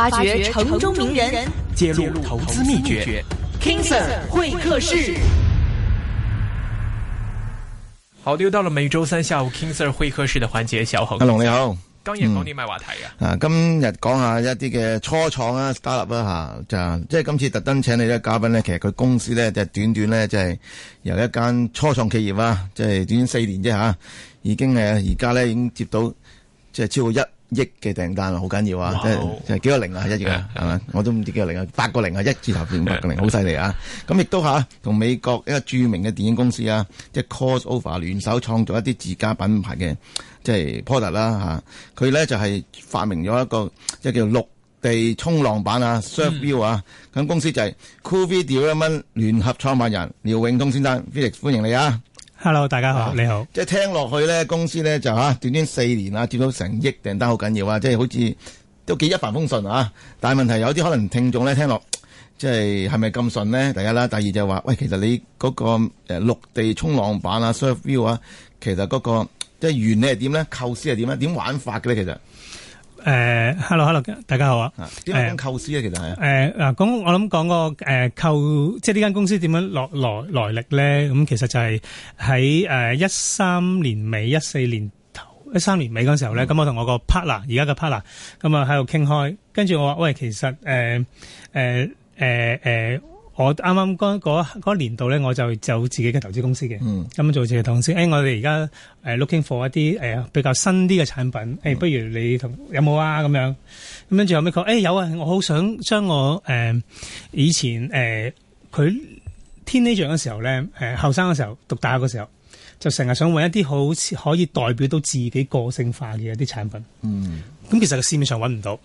挖掘城中名人，揭露投資秘訣。King Sir 會客室，好又到了每周三下午 King Sir 會客室的環節，小紅阿龍你好，今日講啲咩話題啊？Start、啊今日講下一啲嘅初創啊，startup 啊吓，就即係今次特登請你呢嘉賓呢其實佢公司呢，就係短短呢，就係由一間初創企業啊，即係短短四年啫吓、啊，已經誒而家呢已經接到即係、就是、超過一億嘅訂單啊，好緊要啊，Wow. 即係幾個零啊，一億啊，係嘛 Yeah, yeah.？我都唔知幾個零啊，八個零啊，一字頭變八個零，好犀利啊！咁亦 Yeah, yeah. 都吓同美國一個著名嘅電影公司啊，即係 Crossover 聯手創造一啲自家品牌嘅，即係 product 啦，佢咧就係、是、發明咗一個即係叫陸地衝浪板啊 Surfio 啊，咁、mm. 啊、公司就係 Coolfly Development 聯合創辦人廖永通先生，Felix 歡迎你啊！hello，大家好，啊、你好。即係聽落去咧，公司咧就吓短短四年啊，接到成億訂單，就是、好緊要啊，即係好似都幾一帆風順啊。但係問題有啲可能聽眾咧聽落，即係係咪咁順呢？第一啦，第二就話、是、喂，其實你嗰個誒陸地衝浪板啊，surf view 啊，其實嗰個即係原理係點咧？構思係點咧？點玩法嘅咧？其實？誒、uh，hello，hello，大家好啊！點樣構思啊，其實係誒嗱，咁我諗講個誒扣，即係呢間公司點樣落來來歷咧？咁其實就係喺誒一三年尾一四年頭一三年尾嗰陣時候咧，咁、嗯、我同我個 partner 而家嘅 partner 咁啊喺度傾開，跟住我話喂，其實誒誒誒誒。呃呃呃呃呃我啱啱嗰嗰嗰年度咧，我就就自己嘅投資公司嘅，咁、嗯、做自己投資。誒、哎，我哋而家誒 looking for 一啲、呃、比較新啲嘅產品。誒、哎，不如你同有冇啊？咁樣咁樣最後尾講誒有啊！我好想將我誒、呃、以前誒佢天氣象嘅時候咧，誒後生嘅時候讀大學嘅時候，就成日想揾一啲好似可以代表到自己個性化嘅一啲產品。嗯，咁其實個市面上揾唔到。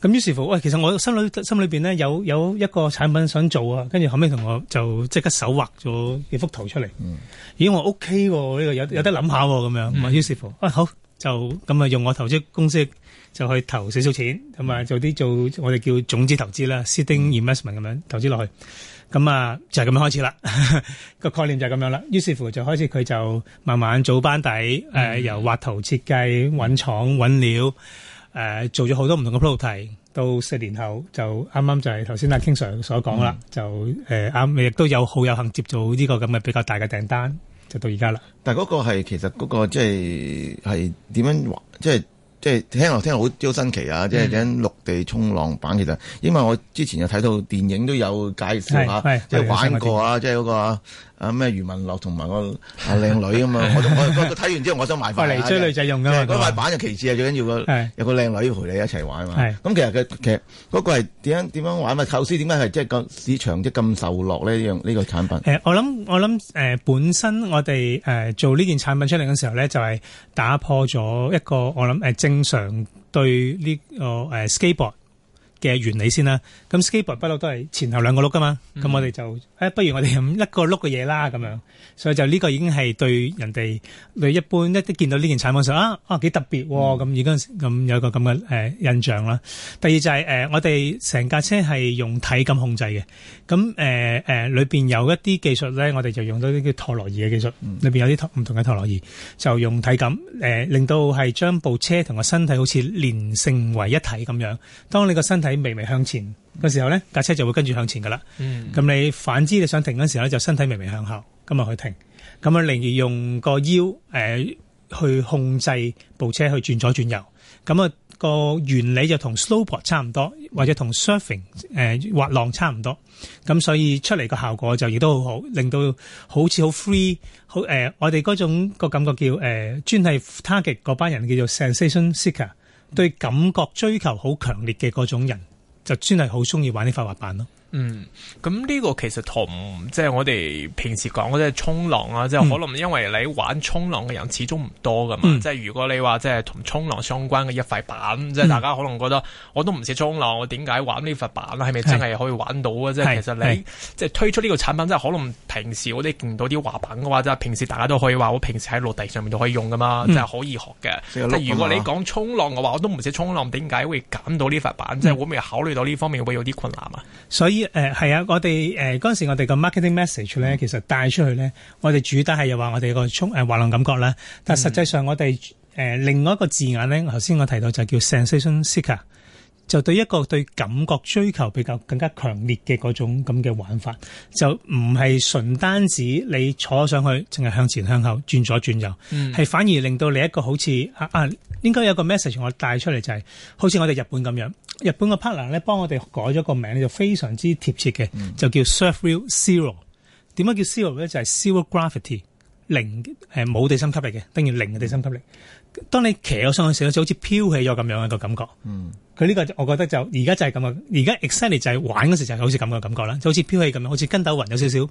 咁於是乎，喂，其實我心裏心裏邊咧有有一個產品想做啊，跟住後尾，同我就即刻手畫咗幾幅圖出嚟，嗯、咦我 OK 喎、啊、呢、呢個有有得諗下喎、啊、咁樣，咁啊、嗯、於是乎，喂、啊、好就咁啊用我投資公司就去投少少錢，同埋做啲做，做我哋叫種子投資啦，seed investment g i n 咁樣投資落去，咁啊就係、是、咁樣開始啦。個 概念就係咁樣啦。於是乎就開始佢就慢慢做班底，嗯呃、由畫圖設計、搵廠、搵料。誒、呃、做咗好多唔同嘅 project 到四年後就啱啱就係頭先阿 King Sir 所講啦，就誒啱亦都有好有幸接做呢個咁嘅比較大嘅訂單，就到而家啦。但嗰個係其實嗰、嗰個即係係點樣即係即係聽落聽落好好新奇啊！即係點樣陸地衝浪板其實，因為我之前又睇到電影都有介紹下，即係玩過啊，即係嗰個。啊咩余文樂同埋個啊靚女啊嘛， 我我睇完之後我想買返嚟追女仔用噶嘛，嗰塊板就其次啊，最緊要個有個靚女要陪你一齊玩啊嘛。係咁，其實佢其實嗰個係點樣點樣玩咪構思？點解係即係個市場即咁受落呢樣呢個產品。誒、呃，我諗我諗誒、呃，本身我哋誒、呃、做呢件產品出嚟嘅時候咧，就係打破咗一個我諗誒、呃、正常對呢個誒 skateboard。呃 sk 嘅原理先啦，咁 skateboard 不嬲都係前後兩個碌噶嘛，咁我哋就誒，不如我哋咁一個碌嘅嘢啦咁樣，所以就呢個已經係對人哋對一般一啲見到呢件產品時候，啊啊幾特別喎，咁而家咁有個咁嘅誒印象啦。第二就係誒我哋成架車係用體感控制嘅，咁誒誒裏邊有一啲技術咧，我哋就用到啲叫陀螺儀嘅技術，裏邊有啲唔同嘅陀螺儀就用體感誒，令到係將部車同個身體好似連成為一體咁樣，當你個身體喺微微向前嘅時候咧，架車就會跟住向前噶啦。咁、嗯、你反之你想停嘅時候咧，就身體微微向後，咁啊去停。咁啊，寧願用個腰誒、呃、去控制部車去轉左轉右。咁啊，那個原理就同 slope 差唔多，或者同 surfing 誒、呃、滑浪差唔多。咁所以出嚟個效果就亦都好好，令到好似好 free，好誒、呃，我哋嗰種個感覺叫誒，專、呃、係 target 嗰班人叫做 sensation seeker。對感覺追求好強烈嘅嗰種人，就真係好中意玩呢塊滑板咯。嗯，咁呢個其實同即係我哋平時講即係衝浪啊，即係可能因為你玩衝浪嘅人始終唔多噶嘛，即係、嗯、如果你話即係同衝浪相關嘅一塊板，即係大家可能覺得、嗯、我都唔識衝浪，我點解玩呢塊板咧？係咪真係可以玩到啊？即係是其實你即係推出呢個產品，即係可能平時我哋見到啲滑板嘅話，即係平時大家都可以話我平時喺陸地上面都可以用噶嘛，即係、嗯、可以學嘅。即如果你講衝浪嘅話，我都唔識衝浪，點解會揀到呢塊板？即係會唔會考慮到呢方面會有啲困難啊？所以。啲誒、呃、係啊！我哋誒嗰陣時，我哋個 marketing message 咧，其實帶出去咧，我哋主打係又話我哋個衝誒滑浪感覺啦。但實際上我，我哋誒另外一個字眼咧，頭先我提到就叫 sensation seeker。就對一個對感覺追求比較更加強烈嘅嗰種咁嘅玩法，就唔係純單止你坐上去淨係向前向後，轉左轉右，係、嗯、反而令到你一個好似啊啊，應該有個 message 我帶出嚟就係、是，好似我哋日本咁樣，日本個 partner 咧幫我哋改咗個名就非常之貼切嘅，就叫 Surf Real Zero。點解叫 zero 咧？就係、是、zero gravity，零冇、呃、地心吸力嘅，等於零嘅地心吸力。嗯當你騎咗上去時，就好似飄起咗咁樣一個感覺。嗯，佢呢個我覺得就而家就係咁嘅，而家 exciting 就係玩嗰時就係好似咁嘅感覺啦，就好似飄起咁樣，好似跟斗雲有少少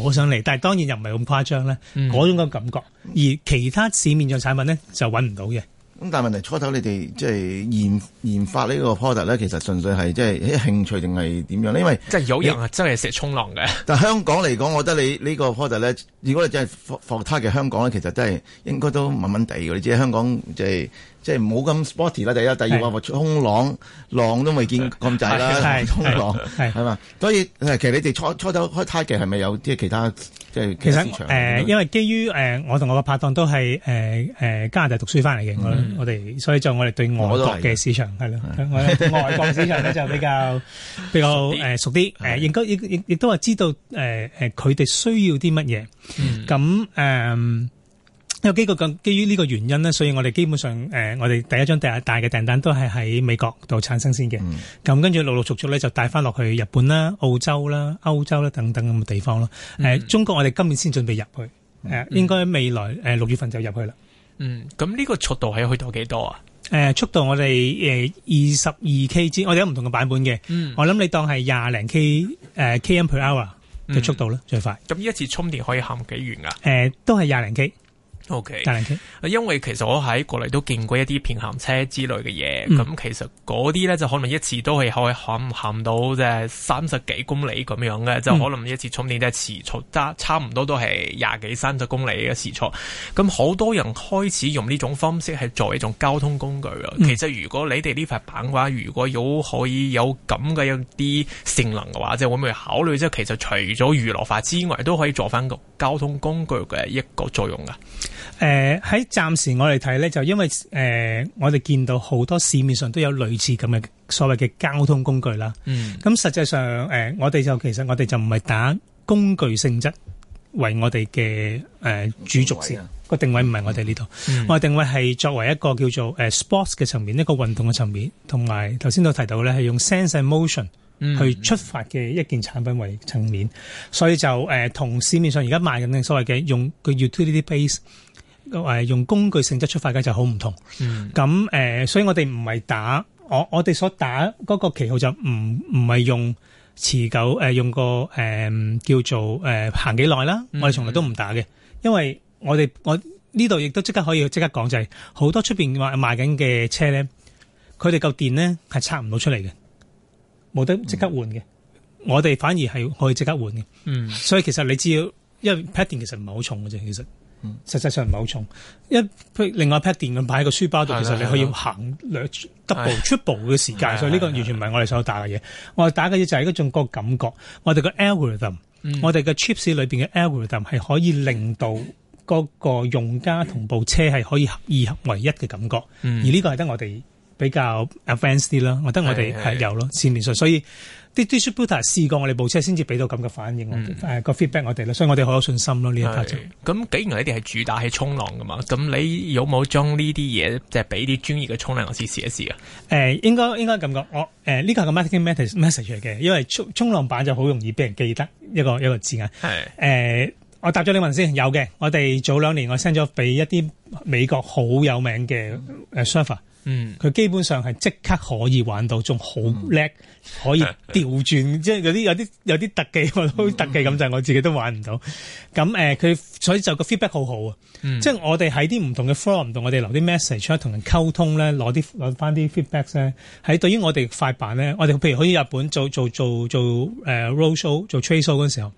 浮上嚟，但係當然又唔係咁誇張咧。嗰、嗯、種嘅感覺，而其他市面上產品呢，就搵唔到嘅。咁但係問題初頭你哋即係研研發呢個 product 咧，其實純粹係即係啲興趣定係點樣？因為即係有人啊，你真係食衝浪嘅。但香港嚟講，我覺得你呢個 product 咧，如果你真係 for for target 香港咧，其實真係應該都掹掹地。你知香港即係即係唔好咁 sporty 啦。就是、y, 第一，第二話衝的浪浪都未見咁滯啦，衝浪係嘛。所以其實你哋初初頭開 target 係咪有啲其他？即係其實誒、呃，因為基於誒、呃，我同我個拍檔都係誒誒加拿大讀書翻嚟嘅，嗯、我哋所以就我哋對外國嘅市場係啦，我對外國市場咧就比較 比較誒熟啲，誒、呃、的應該亦亦亦都係知道誒誒佢哋需要啲乜嘢，咁誒、嗯。有幾個咁，基於呢個原因咧，所以我哋基本上誒、呃，我哋第一張第一大嘅訂單都係喺美國度產生先嘅。咁、嗯、跟住陸陸續續咧，就帶翻落去日本啦、澳洲啦、歐洲啦等等咁嘅地方咯。呃嗯、中國我哋今年先準備入去，誒、呃，應該未來誒六月份就入去啦。嗯，咁呢個速度係去到幾多啊、呃？速度我哋誒二十二 K 之，我哋有唔同嘅版本嘅。嗯、我諗你當係廿零 K、呃、Km per hour 嘅速度啦，嗯、最快。咁呢、嗯、一次充電可以行幾遠啊？誒、呃，都係廿零 K。O Okay , K，是因為其實我喺過嚟都見過一啲平衡車之類嘅嘢，咁、嗯、其實嗰啲咧就可能一次都係可以行行到即係三十幾公里咁樣嘅，嗯、就可能一次充電都係時速得差唔多都係廿幾三十公里嘅時速。咁好多人開始用呢種方式係作為一種交通工具啊。嗯、其實如果你哋呢塊板嘅話，如果有可以有咁嘅一啲性能嘅話，即係會唔會考慮即係其實除咗娛樂化之外，都可以做翻個交通工具嘅一個作用噶？誒，喺暫、呃、時我嚟睇咧，就因為誒、呃，我哋見到好多市面上都有類似咁嘅所謂嘅交通工具啦。嗯。咁實際上誒、呃，我哋就其實我哋就唔係打工具性質為我哋嘅誒主軸線，個定位唔係我哋呢度。我定位係、嗯、作為一個叫做誒、呃、sports 嘅層面，一個運動嘅層面，同埋頭先都提到咧，係用 sense emotion 去出發嘅一件產品為層面。嗯嗯、所以就誒，同、呃、市面上而家賣緊嘅所謂嘅用個 utility base。誒，用工具性質出發嘅就好唔同。咁誒、嗯呃，所以我哋唔係打我，我哋所打嗰個旗號就唔唔係用持久，誒、呃、用個、呃、叫做行幾耐啦。呃嗯、我哋從來都唔打嘅，因為我哋我呢度亦都即刻可以即刻講、就是，就係好多出面賣緊嘅車咧，佢哋嚿電呢係拆唔到出嚟嘅，冇得即刻換嘅。嗯、我哋反而係可以即刻換嘅。嗯，所以其實你只要因為 pack 電其實唔係好重嘅啫，其實。實際上唔係好重，一另外 pad 電咁擺喺個書包度，是的 其實你可以行兩 double、triple 嘅時間。是的 所以呢個完全唔係我哋所打嘅嘢。我哋打嘅嘢就係一種個感覺，我哋個 algorithm，我哋嘅 chips 裏邊嘅 algorithm 係可以令到嗰個用家同部車係可以二合為一嘅感覺，而呢個係得我哋比較 advanced 啲咯。我覺得我哋係有咯，市面上所以。啲 display builder 試過我哋部車先至俾到咁嘅反應，誒、嗯呃呢個 feedback 我哋啦，所以我哋好有信心咯呢一 part 咁既然嗰啲係主打係衝浪噶嘛，咁你有冇將呢啲嘢即係俾啲專業嘅衝浪老師試一試啊？誒、呃，應該應該咁講，我誒呢、呃、個係個 marketing message 嚟嘅，因為衝衝浪板就好容易俾人記得一個一個字眼。係誒的、呃，我答咗你問先，有嘅。我哋早兩年我 send 咗俾一啲美國好有名嘅 server、嗯嗯，佢基本上係即刻可以玩到，仲好叻，嗯、可以調轉，嗯嗯、即係嗰啲有啲有啲特技我特技咁就，係我自己都玩唔到。咁、嗯、誒，佢、嗯呃、所以就個 feedback 好好啊。嗯、即係我哋喺啲唔同嘅 forum、um、同我哋留啲 message，出同人溝通咧，攞啲攞翻啲 feedback 咧，喺對於我哋快板咧，我哋譬如好似日本做做做做誒 road show 做 trade show 嗰陣時候，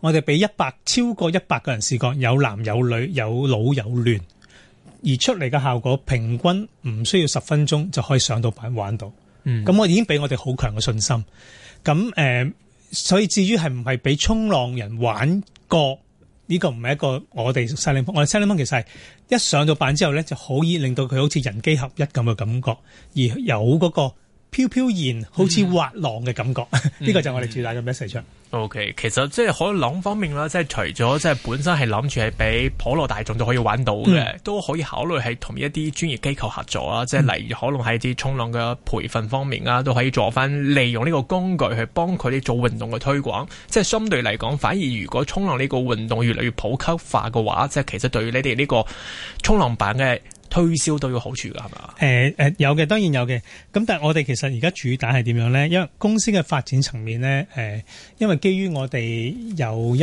我哋俾一百超過一百個人試過，有男有女，有老有嫩。而出嚟嘅效果平均唔需要十分鐘就可以上到板玩到，咁、嗯、我已經俾我哋好強嘅信心。咁誒、呃，所以至於係唔係俾衝浪人玩過，呢、這個唔係一個我哋 selling point，我哋 selling point 其實係一上到板之後咧，就可以令到佢好似人機合一咁嘅感覺而有嗰、那個。飄飄然，好似滑浪嘅感覺，呢、嗯、 個就係我哋最大嘅 message O K，其實即係可兩方面啦，即係除咗即係本身係諗住係俾普羅大眾都可以玩到嘅，嗯、都可以考慮係同一啲專業機構合作啊，即係、嗯、例如可能喺啲衝浪嘅培訓方面啊，嗯、都可以做翻，利用呢個工具去幫佢哋做運動嘅推廣。即、就、係、是、相對嚟講，反而如果衝浪呢個運動越嚟越普及化嘅話，即係其實對於你哋呢個衝浪板嘅推銷都有好處㗎，係嘛？誒誒有嘅，當然有嘅。咁但係我哋其實而家主打係點樣咧？因為公司嘅發展層面咧、呃，因為基於我哋有一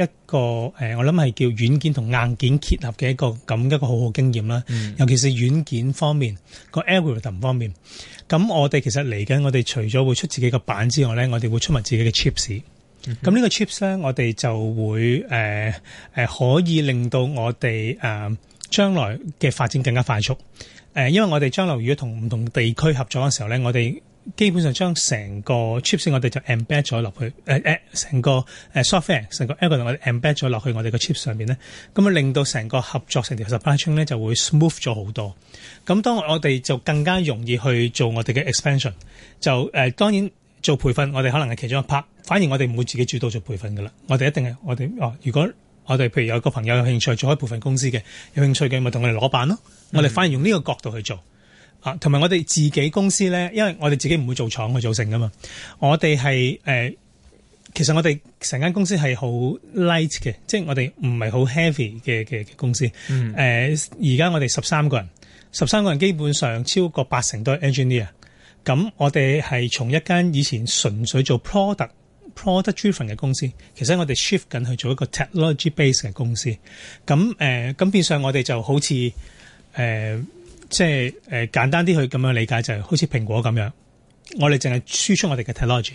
一個、呃、我諗係叫軟件同硬件結合嘅一個咁一個好好經驗啦。嗯、尤其是軟件方面、個 algorithm 方面，咁我哋其實嚟緊，我哋除咗會出自己個板之外咧，我哋會出埋自己嘅 chips、嗯哼。咁 ch 呢個 chips 咧，我哋就會誒、呃呃、可以令到我哋將來嘅發展更加快速，誒、呃，因為我哋將來如果同唔同地區合作嘅時候咧，我哋基本上將成個 chips，我哋就 embed 咗落去，誒、呃、誒，成、呃、個 software，成個 algorithm，我哋 embed 咗落去我哋個 chip 上面咧，咁、嗯、啊令到成個合作成條 supply chain 咧就會 smooth 咗好多。咁、嗯、當然我哋就更加容易去做我哋嘅 expansion，就誒、呃、當然做培訓，我哋可能係其中一 part，反而我哋唔會自己主導做培訓嘅啦，我哋一定係我哋哦，如果。我哋譬如有個朋友有興趣做一部分公司嘅，有興趣嘅咪同我哋攞辦咯。Mm. 我哋反而用呢個角度去做啊，同埋我哋自己公司咧，因為我哋自己唔會做廠去做成㗎嘛。我哋係誒，其實我哋成間公司係好 light 嘅，即係我哋唔係好 heavy 嘅嘅公司。誒、mm. 呃，而家我哋十三個人，十三個人基本上超過八成都係 engineer。咁我哋係從一間以前純粹做 product。product-driven 嘅公司，其實我哋 shift 緊去做一個 technology-based 嘅公司。咁誒，咁、呃、變相我哋就好似誒、呃，即係、呃、簡單啲去咁樣理解，就係、是、好似蘋果咁樣，我哋淨係輸出我哋嘅 technology，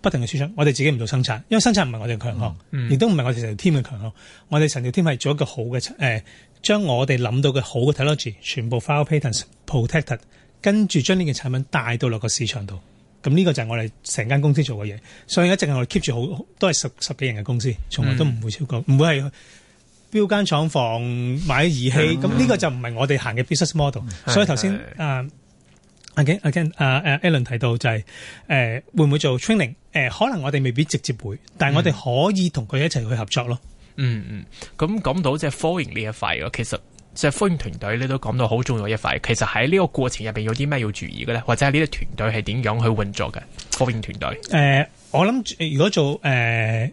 不停嘅輸出。我哋自己唔做生產，因為生產唔係我哋嘅強項，亦都唔係我哋 team 嘅強項。我哋 team 係做一個好嘅誒、呃，將我哋諗到嘅好嘅 technology 全部 file patent protect，e d 跟住將呢件產品帶到落個市場度。咁呢個就係我哋成間公司做嘅嘢，所以一直係我哋 keep 住好，都係十十幾人嘅公司，從來都唔會超過，唔、嗯、會係標間廠房買儀器。咁呢、嗯、個就唔係我哋行嘅 business model、嗯。所以頭先啊 again again，阿阿 Allen 提到就係、是、誒、uh, 會唔會做 training？、Uh, 可能我哋未必直接會，但係我哋可以同佢一齊去合作咯。嗯嗯，咁、嗯、講、嗯、到即係科研呢一塊咯，其實。即係科研團隊，你都講到好重要嘅一塊。其實喺呢個過程入面有啲咩要注意嘅咧，或者係呢啲團隊係點樣去運作嘅科研團隊？誒、呃，我諗如果做誒、呃，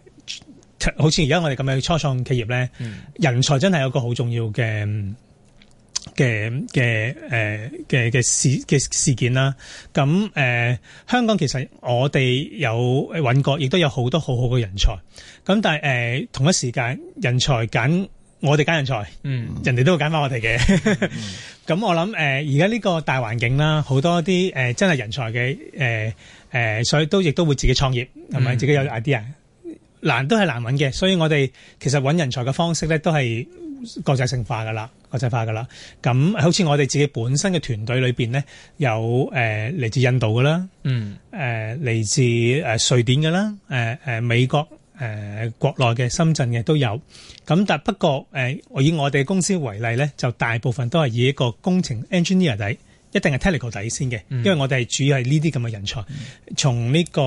好似而家我哋咁樣嘅初創企業咧，嗯、人才真係有個好重要嘅嘅嘅嘅嘅事嘅事件啦。咁、呃、誒，香港其實我哋有揾過，亦都有好多好好嘅人才。咁但係、呃、同一時間人才緊。我哋揀人才，嗯、人哋都會揀翻我哋嘅。咁 我諗，誒而家呢個大環境啦，好多啲誒、呃、真係人才嘅，誒、呃呃、所以都亦都會自己創業，係咪？嗯、自己有 idea，難都係難揾嘅。所以我哋其實揾人才嘅方式咧，都係國際性化㗎啦，國際化㗎啦。咁好似我哋自己本身嘅團隊裏面咧，有誒嚟、呃、自印度㗎啦，誒嚟、嗯呃、自、呃、瑞典㗎啦、呃呃，美國。誒、呃、國內嘅深圳嘅都有，咁但不過、呃、我以我哋公司為例咧，就大部分都係以一個工程 engineer 底，一定係 technical 底先嘅，嗯、因為我哋主要係呢啲咁嘅人才，嗯、從呢、這個、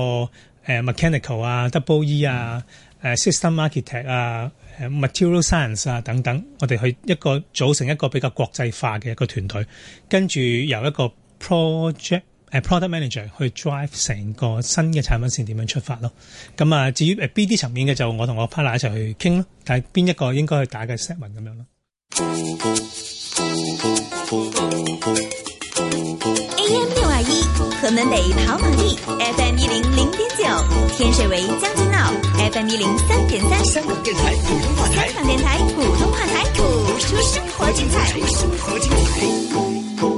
呃、mechanical 啊、double E 啊、嗯 uh, system architect 啊、uh, material science 啊等等，我哋去一個組成一個比較國際化嘅一個團隊，跟住由一個 project。誒、啊、product manager 去 drive 成個新嘅產品線點樣出發咯，咁、嗯、啊至於誒 BD 層面嘅就我同我 partner 一齊去傾咯，但係邊一個應該去打嘅 seven 咁樣咯。AM 六二一，屯門北跑馬地，FM 一零零點九，9，天水圍將軍澳 FM 一零三點三。香港電台，廣東話台。香港電台，廣東話台。講出生活精彩。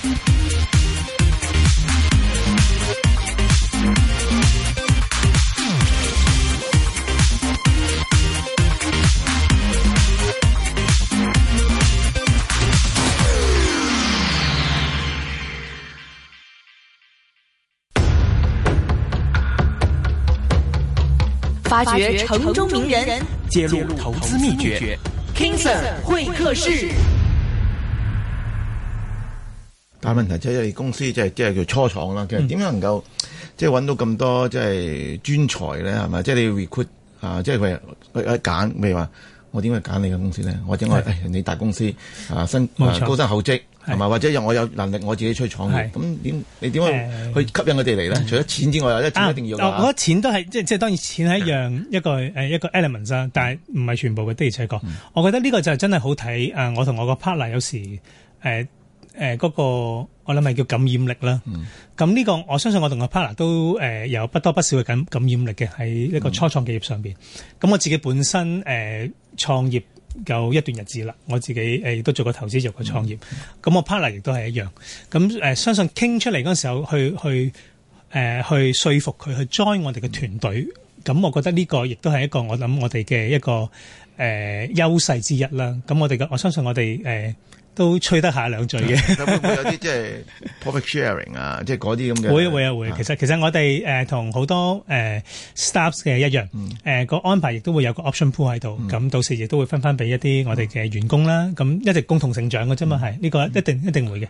發掘城中名人，揭露投資秘訣。King Sir 會客室。但係問題即係、就是、公司即係即係叫初創啦，其實點樣能夠即係搵到咁多即係、就是、專才咧？係咪？即、就、係、是、你 recruit 啊，即係揀。啊啊啊啊啊啊啊、為揀，譬如話我點解揀你間公司咧？我點解？誒的、哎，你大公司啊，啊，高薪厚職。係嘛？是或者有我有能力，我自己出去創業，咁點是你點樣去吸引佢哋嚟咧？嗯、除咗錢之外，又一、啊、一定要的、啊。我我覺得錢都係即即當然錢係一樣一個 一個 elements 啊，但係唔係全部嘅，的而且確。嗯、我覺得呢個就真係好睇。我同我個 partner 有時誒誒嗰個我諗係叫感染力啦。咁呢、嗯呢個我相信我同個 partner 都誒有不多不少嘅感感染力嘅喺一個初創企業上面。咁、嗯、我自己本身誒、呃、創業。有一段日子啦，我自己誒亦都做過投資，做過創業，咁、嗯、我 partner 亦都係一樣。咁、呃、相信傾出嚟嗰時候，去去、呃、去說服佢去 join 我哋嘅團隊，咁、嗯、我覺得呢個亦都係一個我諗我哋嘅一個誒、呃、優勢之一啦。咁我哋嘅我相信我哋誒。呃都吹得下兩嘴嘅， 會唔會有啲即係 public sharing 啊，即係嗰啲咁嘅？會啊會啊會！其實其實我哋誒同好多誒、呃、staffs 嘅一樣，誒個、嗯呃、安排亦都會有個 option pool 喺度，咁、嗯、到時亦都會分翻俾一啲我哋嘅員工啦，咁、嗯、一直共同成長嘅啫嘛，係呢、嗯這個一定、嗯、一定會嘅。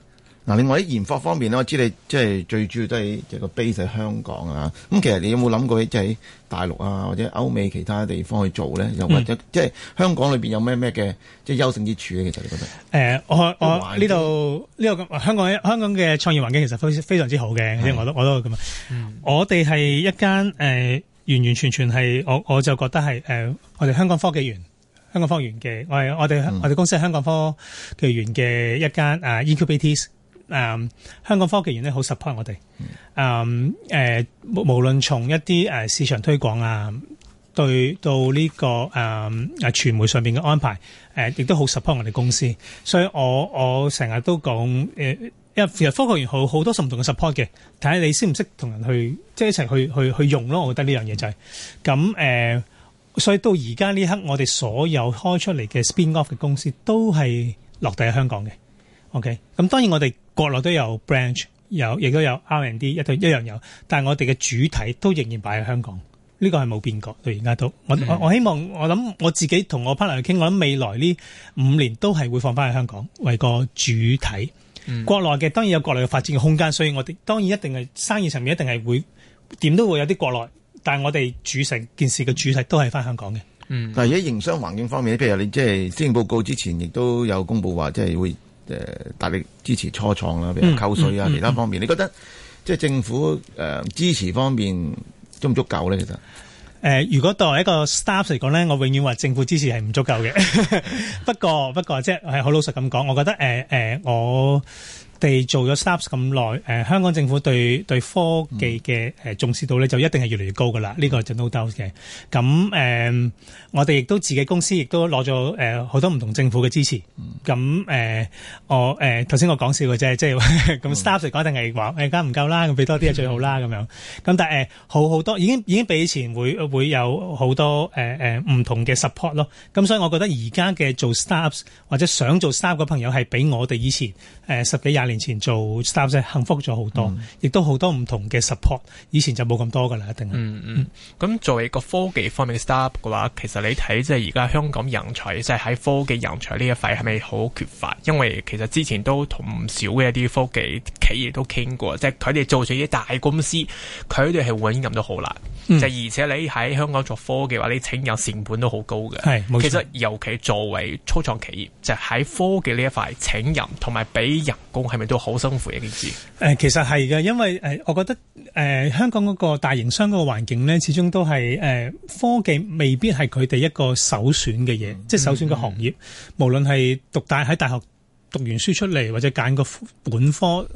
嗱，另外喺研發方面呢，我知你即係最主要都係即係個 base 喺香港啊。咁其實你有冇諗過即係大陸啊，或者歐美其他地方去做咧？又、嗯、或者即係香港裏邊有咩咩嘅即係優勝之處咧？其實你覺得？誒，我我呢度呢個香港香港嘅創業環境其實非非常之好嘅是，我都、嗯、我都咁我哋係一間誒，完、呃、完全全係我我就覺得係誒、呃，我哋香港科技園、香港科園嘅。我我哋、嗯、我哋公司係香港科技園嘅一間誒、啊、Incubators 誒、嗯、香港科技園咧好 support 我哋，誒誒、mm. 嗯呃、無論從一啲、呃、市場推廣啊，對到呢、這個誒誒、呃、傳媒上面嘅安排，呃、亦都好 support 我哋公司。所以我我成日都講，誒、呃，因為其實科技園好好多唔同嘅 support 嘅，睇下你識唔識同人去即係、就是、一齊去去去用咯。我覺得呢樣嘢就係咁誒。所以到而家呢刻，我哋所有開出嚟嘅 spin off 嘅公司都係落地喺香港嘅。OK，咁當然我哋國內都有 branch，有亦都有 R&D，一一樣有。嗯、但我哋嘅主體都仍然擺喺香港，呢個係冇變過，到而家都。我我希望我諗我自己同我 partner 傾，我諗未來呢五年都係會放翻去香港為個主體，嗯、國內嘅當然有國內嘅發展嘅空間，所以我哋當然一定係生意上面一定係會點都會有啲國內，但我哋主成件事嘅主體都係翻香港嘅。嗯。而喺營商環境方面，譬如你即係施政報告之前亦都有公布話，即係會。誒大力支持初創啦，譬如扣稅啊，嗯嗯、其他方面，你覺得即係政府誒、呃、支持方面足唔足夠咧？其實誒，如果作為一個 staff 嚟講咧，我永遠話政府支持係唔足夠嘅。 不過不過，即係係好老實咁講，我覺得誒誒、呃呃、我。哋做咗 startups 咁耐，誒、呃、香港政府對對科技嘅誒重視度咧就一定係越嚟越高噶啦，呢、嗯、個就 no doubt 嘅。咁誒、呃、我哋亦都自己公司亦都攞咗誒好多唔同政府嘅支持。咁誒、嗯呃、我誒頭先我講笑嘅啫，即係咁 startups 講定係話誒梗係唔夠啦，咁俾多啲係最好啦，咁樣咁但係誒、呃、好好多已經已經比以前會會有好多誒誒唔同嘅 support 咯。咁所以我覺得而家嘅做 startups 或者想做 startup 嘅朋友係比我哋以前誒、呃、十幾廿年前做 start 啫，幸福咗好多，嗯、亦都好多唔同嘅 support。以前就冇咁多噶啦，一定嗯。嗯嗯，咁作為一個科技方面 start 嘅話，其實你睇即係而家香港人才，即係喺科技人才呢一塊係咪好缺乏？因為其實之前都同唔少嘅一啲科技企業都傾過，即係佢哋做咗啲大公司，佢哋係揾人都好難。嗯、就而且你喺香港做科技嘅話，你請人成本都好高嘅。係，其實尤其作為初創企業，就喺、是、科技呢一塊請人同埋俾人工係。好辛苦一件事。其實係嘅，因為我覺得、呃、香港嗰個大型商嗰個環境咧，始終都係、呃、科技未必係佢哋一個首選嘅嘢，嗯、即係首選嘅行業。嗯、無論係讀大喺大學讀完書出嚟，或者揀個本科，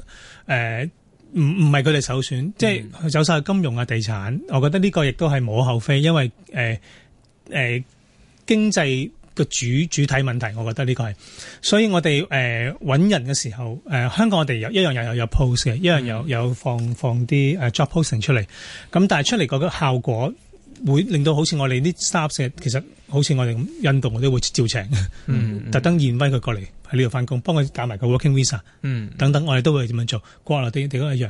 誒唔唔係佢哋首選，嗯、即係走晒金融啊、地產。我覺得呢個亦都係冇可厚非，因為誒誒、呃呃、經濟。個主主體問題，我覺得呢個係，所以我哋誒揾人嘅時候，誒、呃、香港我哋又一樣有有，有 post 嘅，一樣有、嗯、有放放啲 job、啊、posting 出嚟，咁但係出嚟嗰個效果會令到好似我哋啲 staff 其實好似我哋印度我都會照請嗯 特登邀請佢過嚟喺呢度翻工，幫佢搞埋個 working visa、嗯、等等我哋都會點樣做，國內啲地方一樣，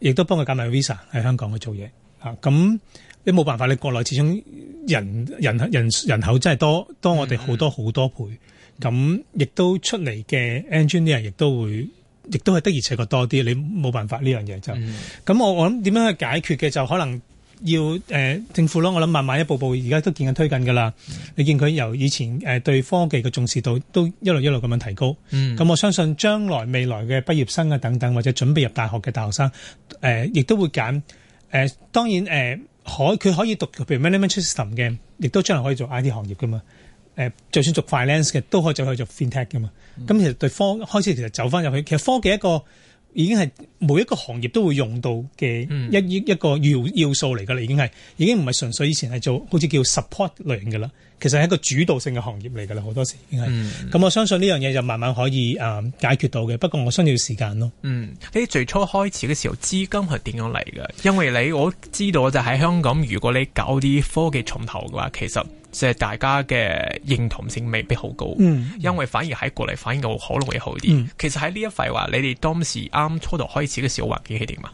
亦都幫佢搞埋 visa 喺香港去做嘢，咁、啊。嗯。你冇辦法，你國內始終人人人人，人口真係多多，多我哋好多好多倍咁，亦、嗯、都出嚟嘅 engineer 啲、er、人，亦都會亦都係的而且確多啲。你冇辦法呢樣嘢就咁、嗯。我我諗點樣去解決嘅就可能要誒政府咯。我諗慢慢一步步，而家都見緊推進㗎啦。嗯、你見佢由以前誒、呃、對科技嘅重視度都一路一路咁樣提高。咁、嗯、我相信將來未來嘅畢業生啊等等，或者準備入大學嘅大學生誒，亦、呃、都會揀誒、呃。當然誒。呃可佢可以讀，譬如 management system 嘅，亦都將來可以做 IT 行業噶嘛？誒、呃，就算做 finance 嘅，都可以走去做 FinTech 噶嘛？咁、嗯、其實對科開始，其實走翻入去，其實科技一個已經係每一個行業都會用到嘅一一個要、嗯、要素嚟㗎啦，已經係已經唔係純粹以前係做好似叫 support 類型㗎啦。其實係一個主導性嘅行業嚟噶啦，好多時已經，咁、嗯、我相信呢樣嘢就慢慢可以誒、呃、解決到嘅。不過我需要時間咯。嗯，你最初開始嘅時候資金係點樣嚟嘅？因為你我知道，就喺香港，如果你搞啲科技重頭嘅話，其實即係大家嘅認同性未必好高，嗯、因為反而喺國內反應到可能會好啲。嗯、其實喺呢一塊話，你哋當時啱初度開始嘅時候環境係點嘛？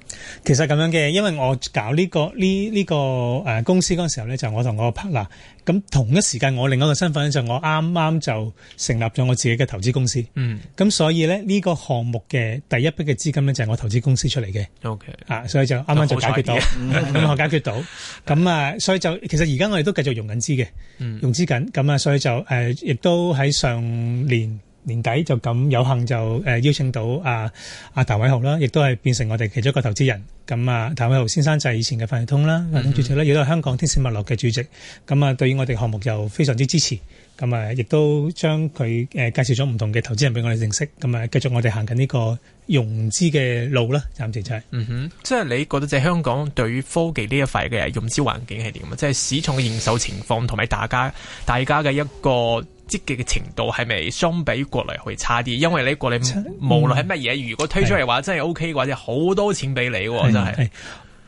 其實咁樣嘅，因為我搞呢、呢個呢呢、呢個誒、呢個呃、公司嗰陣時候咧，就我同我 partner。咁同一時間，我另一個身份就我啱啱就成立咗我自己嘅投資公司。嗯，咁所以咧呢、呢個項目嘅第一筆嘅資金咧就係我投資公司出嚟嘅。O Okay K. 啊，所以就啱啱就解決到，咁 我解決到。咁 啊，所以就其實而家我哋都繼續融緊資嘅，融、嗯、資緊咁啊，所以就呃、亦都喺上年年底就咁有幸就誒邀請到啊啊譚偉豪啦，亦都係變成我哋其中一個投資人。咁啊，譚偉豪先生就係以前嘅泛通啦，嗯嗯主席啦，亦都係香港天使物流嘅主席。咁啊，對於我哋項目就非常之支持。咁啊，亦都將佢、啊、介紹咗唔同嘅投資人俾我哋認識。咁啊，繼續我哋行緊呢個融資嘅路啦，暫時就係、是。嗯哼，即係你覺得就係香港對於科技呢一塊嘅融資環境係點啊？即係市場嘅營售情況同埋大家大家嘅一個。積極嘅程度係咪相比國內會差啲？因為你國內無論係乜嘢，嗯、如果推出嚟話真係 O K 嘅話，就好是多錢俾你，真係。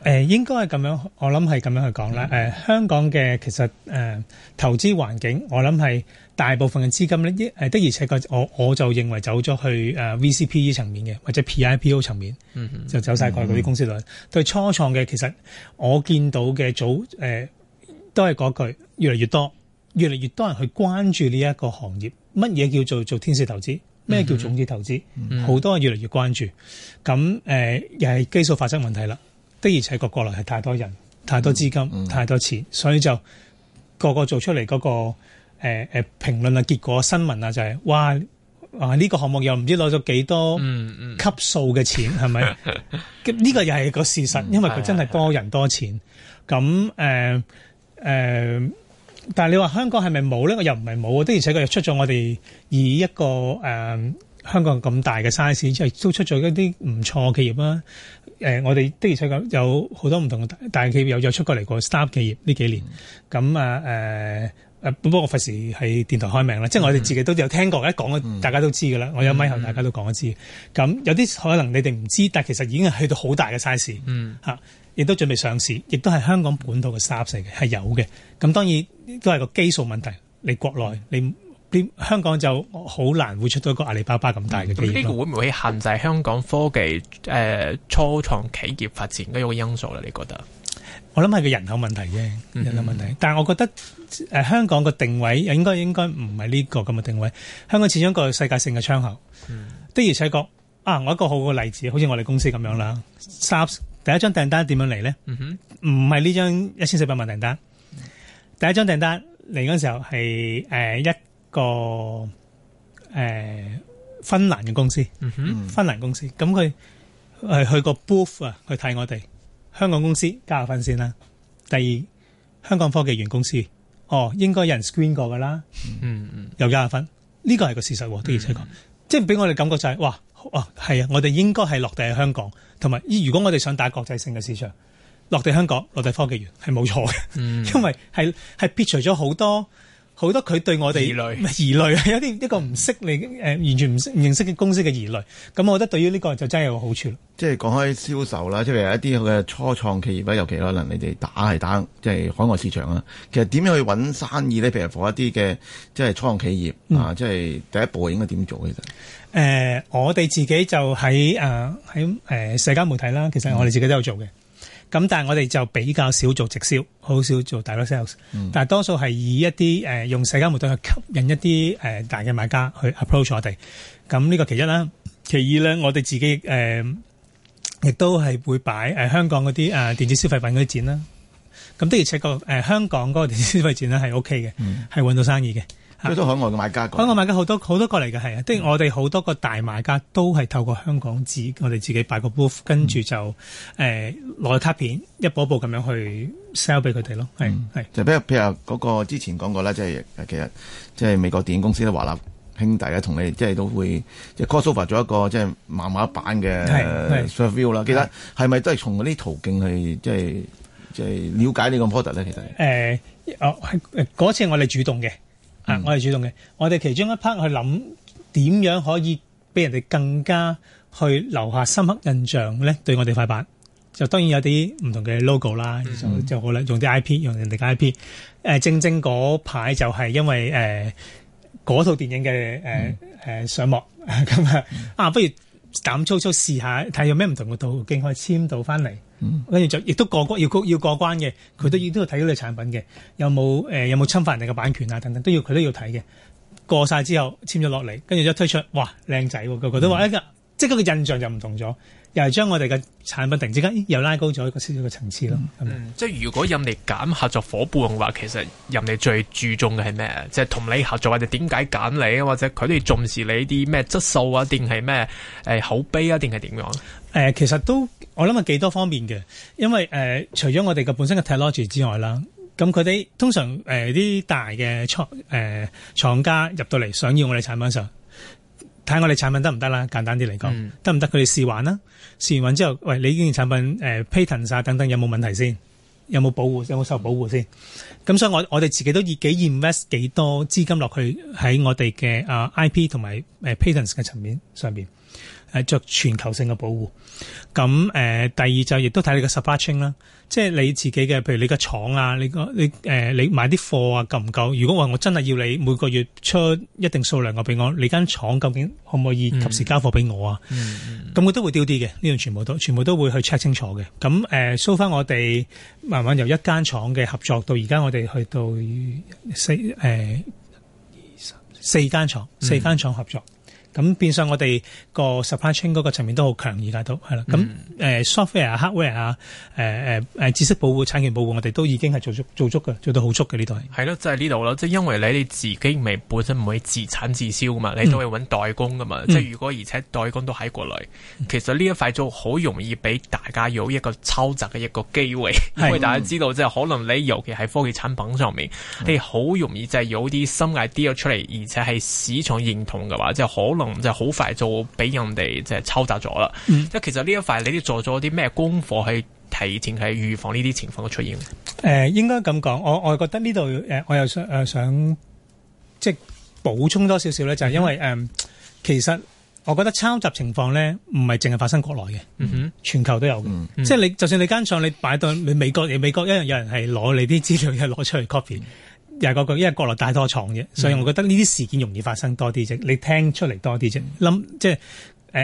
誒、呃，應該係咁樣，我諗係咁樣去講啦。誒、嗯呃，香港嘅其實誒、呃、投資環境，我諗係大部分嘅資金呢，誒、呃、的而且確，我我就認為走咗去誒、呃、V C P E 層面嘅，或者 P I P O 層面，嗯、哼就走晒過去嗰啲公司度。嗯、哼對初創嘅，其實我見到嘅早誒都係嗰句，越嚟越多。越嚟越多人去關注呢一個行業，乜嘢叫做做天使投資？咩叫種子投資？好、嗯、多人越嚟越關注，咁誒、嗯呃、又係基數發生問題啦。嗯、的而且確國內係太多人、太多資金、嗯、太多錢，所以就個個做出嚟嗰、那個誒誒、呃、評論啊、結果、新聞啊、就是，就係哇啊呢、呃這個項目又唔知攞咗幾多級數嘅錢，係咪？呢、這個又係個事實，因為佢真係多人、嗯、多錢。咁誒誒。嗯嗯但係你話香港係咪冇咧？又我又唔係冇。的而且確又出咗我哋以一個誒、嗯、香港咁大嘅 size，即係都出咗一啲唔錯嘅企業啦。誒、呃，我哋的而且確有好多唔同嘅，大企業又又出過嚟過 start 企業呢幾年。咁啊誒不過費事喺電台開名啦。即係我哋自己都有聽過，一講、嗯、大家都知㗎啦。我有咪後大家都講一知。咁、嗯嗯嗯、有啲可能你哋唔知，但其實已經係去到好大嘅 size，嚇，亦、啊、都準備上市，亦都係香港本土嘅、嗯、start 嚟嘅，係有嘅。咁當然。都係個基數問題，你國內你你,你香港就好難會出到一個阿里巴巴咁大嘅。你呢、嗯這個會唔會限制香港科技誒、呃、初創企業發展嘅一個因素咧、啊？你覺得？我諗係個人口問題啫，人口問題。嗯、哼但係我覺得誒、呃，香港個定位應該應該唔係呢個咁嘅定位。香港始終一個世界性嘅窗口。的、嗯、而且確啊，我一個好嘅例子，好似我哋公司咁樣啦。SARS 第一張訂單點樣嚟呢？唔係呢張一千四百萬訂單。第一張訂單嚟嗰時候係誒、呃、一個誒、呃、芬蘭嘅公司，嗯、哼芬蘭公司咁佢去個 Booth 啊去睇我哋香港公司加下分先啦。第二香港科技園公司哦應該有人 screen 過㗎啦，嗯嗯哼又加下分，呢、這個係個事實喎、啊。的而且確，即係俾我哋感覺就係、是、哇哦係啊，我哋應該係落地喺香港，同埋如果我哋想打國際性嘅市場。落地香港，落地科技園，係冇錯嘅，嗯、因為係係撇除咗好多好多佢對我哋疑慮疑慮係一啲一個唔識你完全唔唔認識嘅公司嘅疑慮。咁慮、呃、我覺得對於呢個就真係有個好處即。即係講開銷售啦，即係一啲嘅初創企業啦，尤其可能你哋打係打即係、就是、海外市場啦。其實點樣去搵生意咧？譬如話一啲嘅即係初創企業、嗯、啊，即係第一步應該點做？其實誒，我哋自己就喺喺誒社交媒體啦。其實我哋自己都有做嘅。嗯咁但係我哋就比較少做直銷，好少做 direct sales，但係多數係以一啲誒、呃、用社交媒體去吸引一啲誒、呃、大嘅買家去 approach 我哋。咁呢個其一啦，其二咧，我哋自己誒、呃、亦都係會擺誒、呃、香港嗰啲誒電子消費品嗰啲展啦。咁的而且確誒、呃、香港嗰個電子消費展咧係 OK 嘅，係搵、嗯、到生意嘅。都都海外嘅買家、啊，海外買家好多好多過嚟嘅，係啊！即係、嗯、我哋好多個大買家都係透過香港自我哋自己擺個 booth，跟住就誒攞卡片一步一步咁樣去 sell 俾佢哋咯。係係，嗯、的就比如譬如嗰個之前講過啦，即、就、係、是、其實即係、就是、美國電影公司咧華納兄弟啊，同你即係都會即係、就是、crossover、so、做一個即係漫畫版嘅 review 啦。其實係咪都係從嗰啲途徑去即係即係了解呢個 product 咧？其實誒哦係嗰次我哋主動嘅。嗯、啊！我係主動嘅，我哋其中一 part 去諗點樣可以俾人哋更加去留下深刻印象咧，對我哋塊板，就當然有啲唔同嘅 logo 啦，就就好啦，用啲 IP，用人哋嘅 IP、呃。正正嗰排就係因為誒嗰、呃、套電影嘅誒、呃呃、上幕，咁、嗯、 啊啊不如。膽粗粗試下，睇有咩唔同嘅途徑可以簽到翻嚟，嗯、跟住就亦都過關要過要過關嘅，佢都要都要睇到你產品嘅，有冇有冇、呃、侵犯人哋嘅版權啊等等都要佢都要睇嘅，過晒之後簽咗落嚟，跟住就推出，哇靚仔個個都話，嗯、即係嗰個印象就唔同咗。又係將我哋嘅產品突然之間又拉高咗一個小小嘅層次咯。嗯，樣嗯，即係如果任你揀合作伙伴嘅話，其實任你最注重嘅係咩啊？即係同你合作，或者點解揀你啊？或者佢哋重視你啲咩質素啊？定係咩誒口碑啊？定係點樣？誒、呃，其實都我諗係幾多方面嘅，因為、呃、除咗我哋嘅本身嘅 technology 之外啦，咁佢哋通常誒啲、呃、大嘅創廠、呃、家入到嚟，想要我哋產品時候。睇下我哋產品得唔得啦？簡單啲嚟講，得唔得？佢哋試玩啦，試完玩之後，喂，你呢件產品誒、呃、，patent 晒、啊、等等有冇問題先？有冇保護？有冇受保護先？咁、嗯、所以我我哋自己都幾 invest 幾多資金落去喺我哋嘅啊 IP 同埋誒、呃、patent 嘅層面上邊。係着全球性嘅保護，咁誒、呃、第二就亦都睇你嘅 subcontracting 啦，即係你自己嘅，譬如你嘅廠啊，你個你誒、呃、你買啲貨啊夠唔夠？如果話我真係要你每個月出一定數量嘅俾我，你間廠究竟可唔可以及時交貨俾我啊？咁我、嗯嗯嗯、都會丟啲嘅，呢樣全部都全部都會去 check 清楚嘅。咁誒，So、呃、far、so、我哋慢慢由一間廠嘅合作到而家，我哋去到四誒、呃、四間廠，嗯、四間廠合作。咁變相我哋個 supply chain 嗰個層面都好強，而家都係啦。咁、嗯呃、software 啊、呃、hardware、呃、啊、誒知識保護、產權保護，我哋都已經係做足做足嘅，做到好足嘅呢度係。係咯，就係呢度咯。即、就、係、是、因為你哋自己唔係本身唔會自產自銷啊嘛，你都會揾代工噶嘛。嗯、即係如果而且代工都喺國內，嗯、其實呢一塊就好容易俾大家有一個抄襲嘅一個機會。因為大家知道，即係可能你尤其係科技產品上面，你好、嗯、容易就係有啲新 idea 出嚟，而且係市場認同嘅話，就是、可能。就好快就俾人哋就抄襲咗啦。即係、嗯、其實呢一塊你都做咗啲咩功課，去提前係預防呢啲情況嘅出現。誒、呃，應該咁講，我我覺得呢度誒，我又想誒、呃、想即係補充多少少咧，就係、是、因為誒、嗯呃，其實我覺得抄襲情況咧唔係淨係發生國內嘅，嗯、哼全球都有嘅。嗯嗯、即係你就算你間廠你擺到你美國，你美國一樣有人係攞你啲資料又攞出去 copy。嗯又因為國內大多廠啫，所以我覺得呢啲事件容易發生多啲啫，嗯、你聽出嚟多啲啫，諗即係誒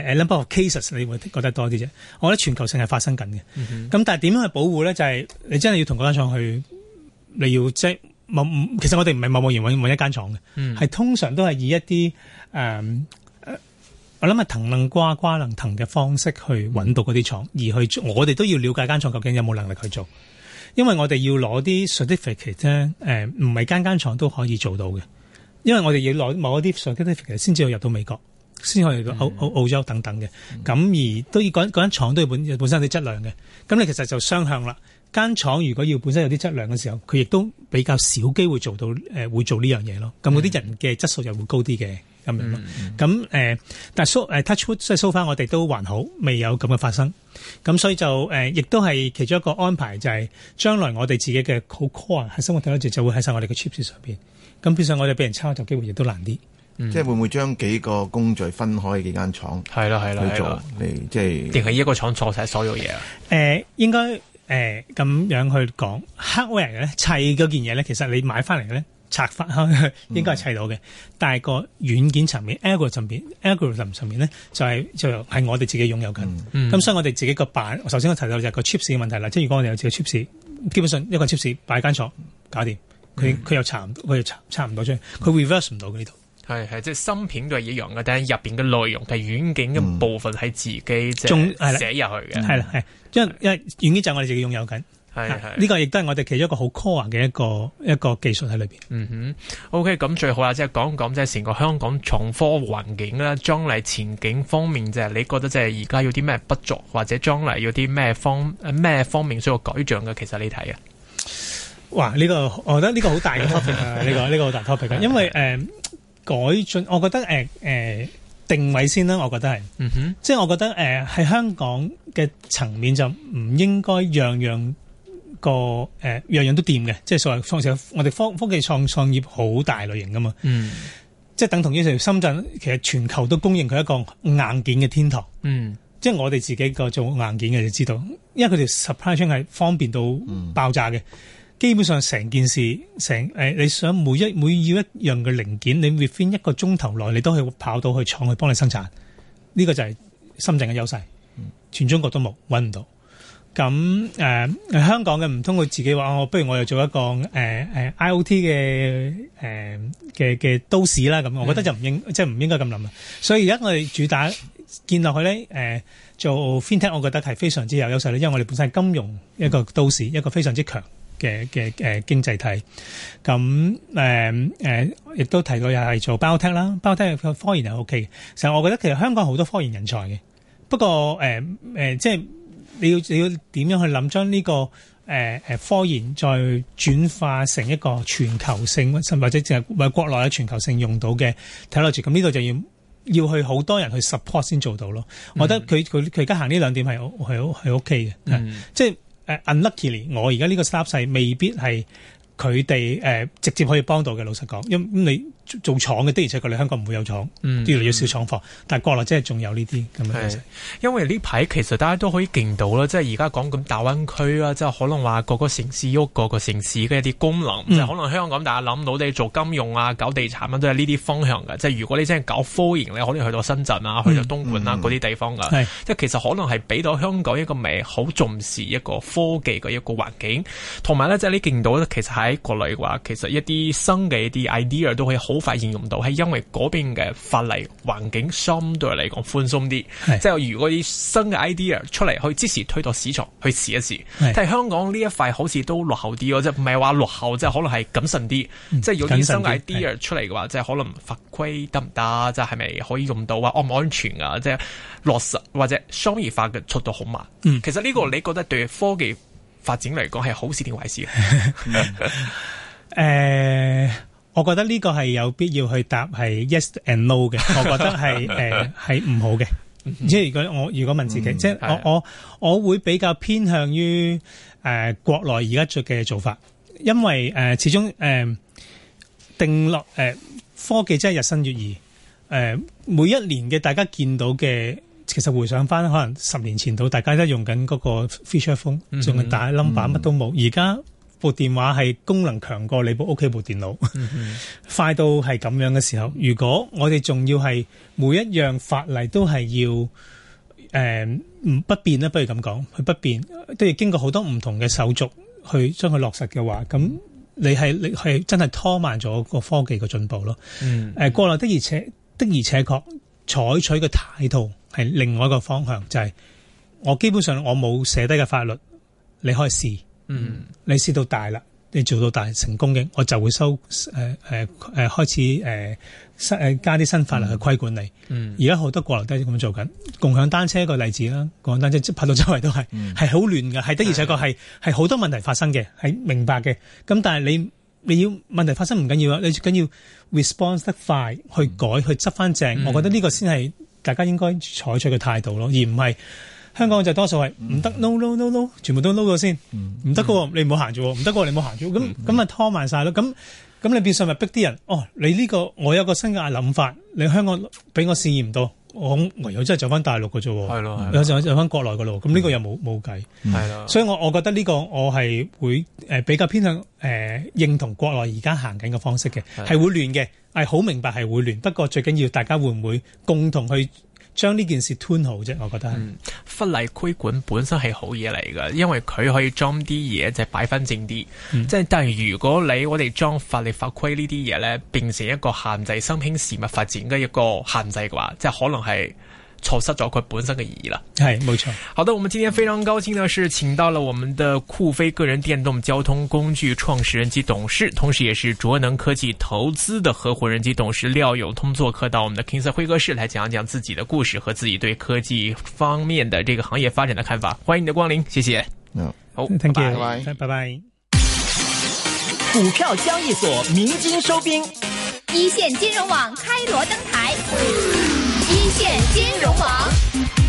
誒，number of cases 你會覺得多啲啫。我覺得全球性係發生緊嘅，咁、嗯、哼但係點樣去保護咧？就係、是、你真係要同嗰間廠去，你要即係某其實我哋唔係貿貿然揾揾一間廠嘅，係、嗯、通常都係以一啲誒、呃、我諗係藤能瓜瓜能藤嘅方式去搵到嗰啲廠，而去我哋都要了解間廠究竟有冇能力去做。因為我哋要攞啲 certificate 咧，誒唔係間間廠都可以做到嘅，因為我哋要攞某一啲 certificate 先至可以入到美國，先可以澳澳的澳洲等等嘅。咁的而都要嗰嗰間廠都要本本身有啲質量嘅。咁你其實就雙向啦。間廠如果要本身有啲質量嘅時候，佢亦都比較少機會做到誒、呃、會做呢樣嘢咯。咁嗰啲人嘅質素又會高啲嘅。咁樣咁但係 so touch wood，即係 so far 我哋都還好，未有咁嘅發生。咁所以就誒、呃，亦都係其中一個安排，就係將來我哋自己嘅好 core 喺生活體內，就就會喺晒我哋嘅 chips 上邊。咁變相我哋俾人抄襲機會亦都難啲。嗯、即係會唔會將幾個工序分開幾間廠？係啦，係啦，去做即係。定係、就是、一個廠做晒所有嘢啊？誒、呃，應該誒咁樣去講 hardware 咧，砌嗰件嘢咧，其實你買翻嚟咧。拆翻開應該係砌到嘅，嗯、但係個軟件層面、algorithm 層面咧，就係就係我哋自己擁有緊。咁、嗯、所以我哋自己個版首先我提到就係個 chipset 嘅問題啦。即係如果我哋有自己 chipset 基本上一個 chipset 擺間廠，搞掂，佢佢又查唔，佢又查唔到出去，佢 reverse 唔到佢呢度。係、嗯、裡即係芯片都係一樣嘅，但係入面嘅內容係軟件嘅部分係自己即係寫入去嘅。係啦，係因為因為軟件就係我哋自己擁有緊。係係，呢個亦都係我哋其中一個好 core 嘅一個一個技術喺裏邊。嗯哼，OK，咁最好啦即係講講即係成個香港創科環境啦、將嚟前景方面，就係你覺得即係而家有啲咩不足，或者將嚟有啲咩方咩、啊、方面需要改進嘅？其實你睇啊？哇，呢、這個我覺得呢個好大嘅 topic 啊，呢、 這個呢、這個好大 topic。 因為誒、呃，改進，我覺得誒誒、呃、定位先啦，我覺得係，嗯哼，即係我覺得誒喺、呃、香港嘅層面就唔應該樣樣。個誒樣、呃、樣都掂嘅，即係所謂，況我哋科科技創創業好大類型噶嘛。嗯，即係等同於深圳，其實全球都供應佢一個硬件嘅天堂。嗯，即係我哋自己個做硬件嘅就知道，因為佢哋 supply chain 係方便到爆炸嘅。嗯、基本上成件事，成、呃、你想每一每要一樣嘅零件，你 within 一個鐘頭內，你都去跑到去廠去幫你生產。呢、這個就係深圳嘅優勢，嗯、全中國都冇搵唔到。咁誒、呃、香港嘅唔通佢自己話，我、哦、不如我又做一個誒 IOT 嘅誒嘅嘅都市啦。咁我覺得就唔應、嗯、即係唔應該咁諗。所以而家我哋主打見落去咧，誒、呃、做 FinTech，我覺得係非常之有優勢咧，因為我哋本身係金融一個都市，嗯、一個非常之強嘅嘅誒經濟體。咁誒亦都提過又係做 BioTech 啦，BioTech 嘅科研又係 OK。其實我覺得其實香港好多科研人才嘅，不過誒、呃呃、即係。你要你要點樣去諗將呢、這個誒、呃、科研再轉化成一個全球性，甚或者就係為國內嘅全球性用到嘅睇落去，咁呢度就要要去好多人去 support 先做到咯。嗯、我覺得佢佢佢而家行呢兩點係係係 OK 嘅、嗯，即係 unluckily、呃、我而家呢個趨勢未必係佢哋誒直接可以幫到嘅。老實講，因、嗯、你。做廠嘅的，而且佢哋香港唔會有廠，越嚟越少廠房。但係國內真係仲有呢啲咁嘅。因為呢排其實大家都可以見到啦，即係而家講緊大灣區啊，即係可能話個個城市屋、個個城市嘅一啲功能，即係、嗯、可能香港大家諗到，你做金融啊、搞地產啊，都係呢啲方向㗎。即、就、係、是、如果你真係搞科研咧，可以去到深圳啊、去到東莞啊嗰啲、嗯、地方㗎。即係、嗯、是其實可能係俾到香港一個名，好重視一個科技嘅一個環境。同埋咧，即、就、係、是、你見到其實喺國內嘅話，其實一啲新嘅一啲 idea 都可以。好快應用到，係因為嗰邊嘅法例環境相對嚟講寬鬆啲，即係如果啲新嘅 idea 出嚟，可以支持推到市場去試一試。但係香港呢一塊好似都落後啲咯，即係唔係話落後，即係可能係謹慎啲，即係有啲新嘅 idea 出嚟嘅話，即係可能法規得唔得，即係係咪可以用到啊？安唔安全啊？即係落實或者商業化嘅速度好慢。其實呢個你覺得對科技發展嚟講係好事定壞事？誒？我覺得呢個係有必要去答係 yes and no 嘅，我覺得係誒係唔好嘅。即係如果我如果問自己，嗯、即係我的我我會比較偏向於誒、呃、國內而家做嘅做法，因為誒、呃、始終誒、呃、定落誒、呃、科技真係日新月異。誒、呃、每一年嘅大家見到嘅，其實回想翻可能十年前度，大家都用緊嗰個 feature phone，仲係打 number 乜、嗯、都冇，而家。部電話係功能強過你部屋企部電腦，mm hmm. 快到係咁樣嘅時候，如果我哋仲要係每一樣法例都係要誒、呃、不變咧，不如咁講，去不變都要經過好多唔同嘅手續去將佢落實嘅話，咁你係你係真係拖慢咗個科技嘅進步咯。誒、mm hmm. 呃，國內的而且的而且確採取嘅態度係另外一個方向，就係、是、我基本上我冇寫低嘅法律，你可以試。嗯，你試到大啦，你做到大成功嘅，我就會收，誒誒誒開始誒新誒加啲新法例去規管你。嗯，而家好多國內都咁做緊。共享單車個例子啦，共享單車即係拍到周圍都係，係好亂嘅，係的而且確係係好多問題發生嘅，係明白嘅。咁但係你你要問題發生唔緊要，你最緊要 response 得快去改去執翻正。我覺得呢個先係大家應該採取嘅態度咯，而唔係。香港就多數係唔得，no no no no，全部都 no 咗先，唔得嗰你唔好行住，唔得嗰你唔好行住，咁咁啊拖埋晒咯，咁咁你變相咪逼啲人，哦，你呢、這個我有個新嘅諗法，你香港俾我試驗唔到，我唯有真係走翻大陸嘅啫，有時候走翻國內嘅咯，咁呢、嗯、個又冇冇計，係咯，的所以我我覺得呢個我係會誒比較偏向誒、呃、認同國內而家行緊嘅方式嘅，係的會亂嘅，係好明白係會亂，不過最緊要大家會唔會共同去。將呢件事吞好啫，我覺得嗯，法律規管本身係好嘢嚟噶，因為佢可以裝啲嘢，就是、擺翻正啲。即係、嗯、但係如果你我哋將法律法規呢啲嘢咧，變成一個限制新興事物發展嘅一個限制嘅話，即、就、係、是、可能係。.本身嘅意義了，係冇錯。好的，我們今天非常高興呢，是請到了我們的酷飛個人電動交通工具創始人及董事，同時也是卓能科技投資的合伙人及董事廖永通做客到我們的 King Sir 會客室來講一講自己的故事和自己對科技方面的這個行業發展的看法。歡迎你的光臨，謝謝。嗯 No. 好，好，thank you，拜拜。股票交易所鳴金收兵，一線金融網開鑼登台。一線金融王。